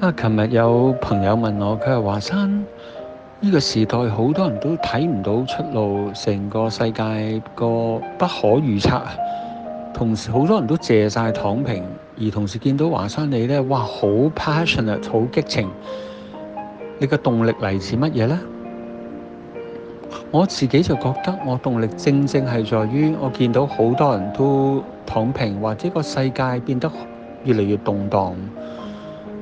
啊！琴日有朋友問我，佢話華山，呢個時代好多人都睇唔到出路，成個世界個不可預測啊！同時好多人都借晒躺平，而同時見到華山你呢，哇！好 passionate，好激情，你嘅動力嚟自乜嘢呢？我自己就覺得我動力正正係在於我見到好多人都躺平，或者個世界變得越嚟越動盪。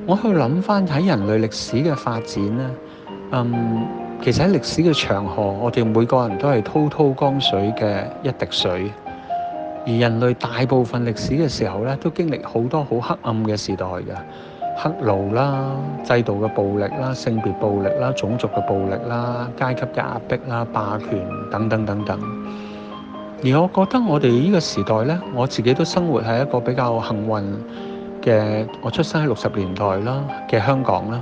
我去諗翻喺人類歷史嘅發展咧，嗯，其實喺歷史嘅長河，我哋每個人都係滔滔江水嘅一滴水。而人類大部分歷史嘅時候咧，都經歷好多好黑暗嘅時代嘅，黑奴啦、制度嘅暴力啦、性別暴力啦、種族嘅暴力啦、階級嘅壓迫啦、霸權等等等等。而我覺得我哋呢個時代咧，我自己都生活喺一個比較幸運。嘅我出生喺六十年代啦，嘅香港啦，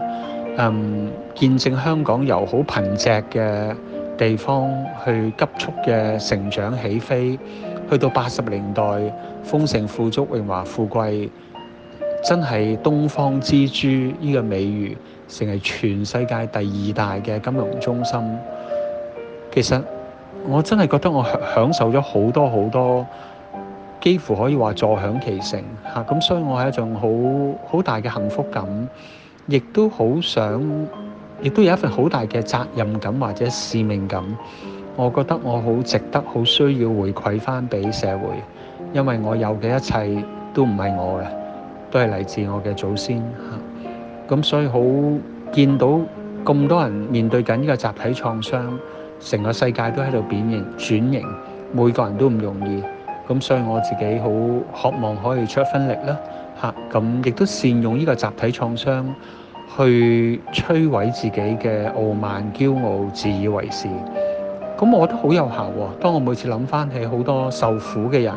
嗯，見證香港由好貧瘠嘅地方去急速嘅成長起飛，去到八十年代豐盛富足榮華富貴，真係東方之珠呢個美譽成為全世界第二大嘅金融中心。其實我真係覺得我享受咗好多好多。幾乎可以話坐享其成嚇，咁、啊、所以我係一種好好大嘅幸福感，亦都好想，亦都有一份好大嘅責任感或者使命感。我覺得我好值得，好需要回饋翻俾社會，因為我有嘅一切都唔係我嘅，都係嚟自我嘅祖先嚇。咁、啊、所以好見到咁多人面對緊呢個集體創傷，成個世界都喺度變形、轉型，每個人都唔容易。咁所以我自己好渴望可以出一分力啦，吓、啊，咁亦都善用呢個集體創傷去摧毀自己嘅傲慢、驕傲、自以為是。咁我覺得好有效喎、哦！當我每次諗翻起好多受苦嘅人，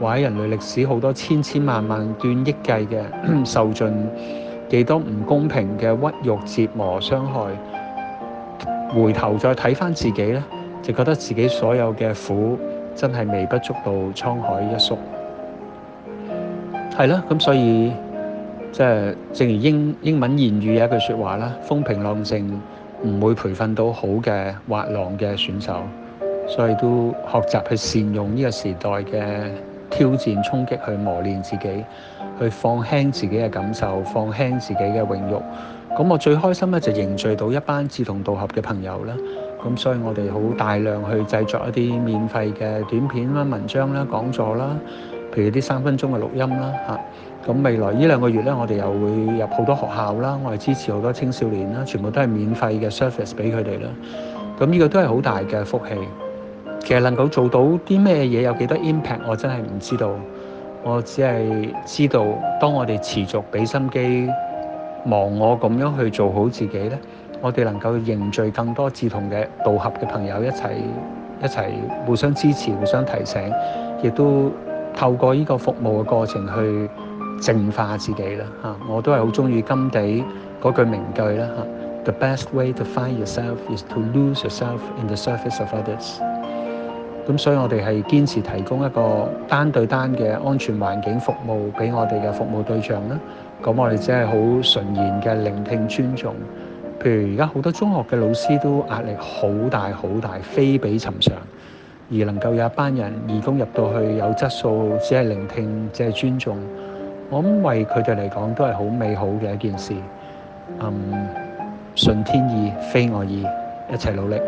或者人類歷史好多千千萬萬段億計嘅 受盡幾多唔公平嘅屈辱折磨傷害，回頭再睇翻自己咧，就覺得自己所有嘅苦。真係微不足道，滄海一粟，係咯。咁所以即係、就是、正如英英文言語有一句説話啦，風平浪靜唔會培訓到好嘅滑浪嘅選手，所以都學習去善用呢個時代嘅挑戰衝擊去磨練自己，去放輕自己嘅感受，放輕自己嘅榮辱。咁我最開心咧就凝聚到一班志同道合嘅朋友啦，咁所以我哋好大量去製作一啲免費嘅短片啦、文章啦、講座啦，譬如啲三分鐘嘅錄音啦，嚇。咁未來呢兩個月咧，我哋又會入好多學校啦，我哋支持好多青少年啦，全部都係免費嘅 service 俾佢哋啦。咁呢個都係好大嘅福氣。其實能夠做到啲咩嘢，有幾多 impact，我真係唔知道。我只係知道，當我哋持續俾心機。望我咁樣去做好自己呢，我哋能夠凝聚更多志同嘅道合嘅朋友，一齊一齊互相支持、互相提醒，亦都透過呢個服務嘅過程去淨化自己啦。嚇、啊，我都係好中意甘地嗰句名句啦嚇、啊。The best way to find yourself is to lose yourself in the service of others. 咁所以，我哋係堅持提供一個單對單嘅安全環境服務俾我哋嘅服務對象啦。咁我哋只係好純然嘅聆聽尊重。譬如而家好多中學嘅老師都壓力好大、好大，非比尋常。而能夠有一班人義工入到去有質素，只係聆聽，只係尊重，我諗為佢哋嚟講，都係好美好嘅一件事。嗯，順天意，非我意，一齊努力。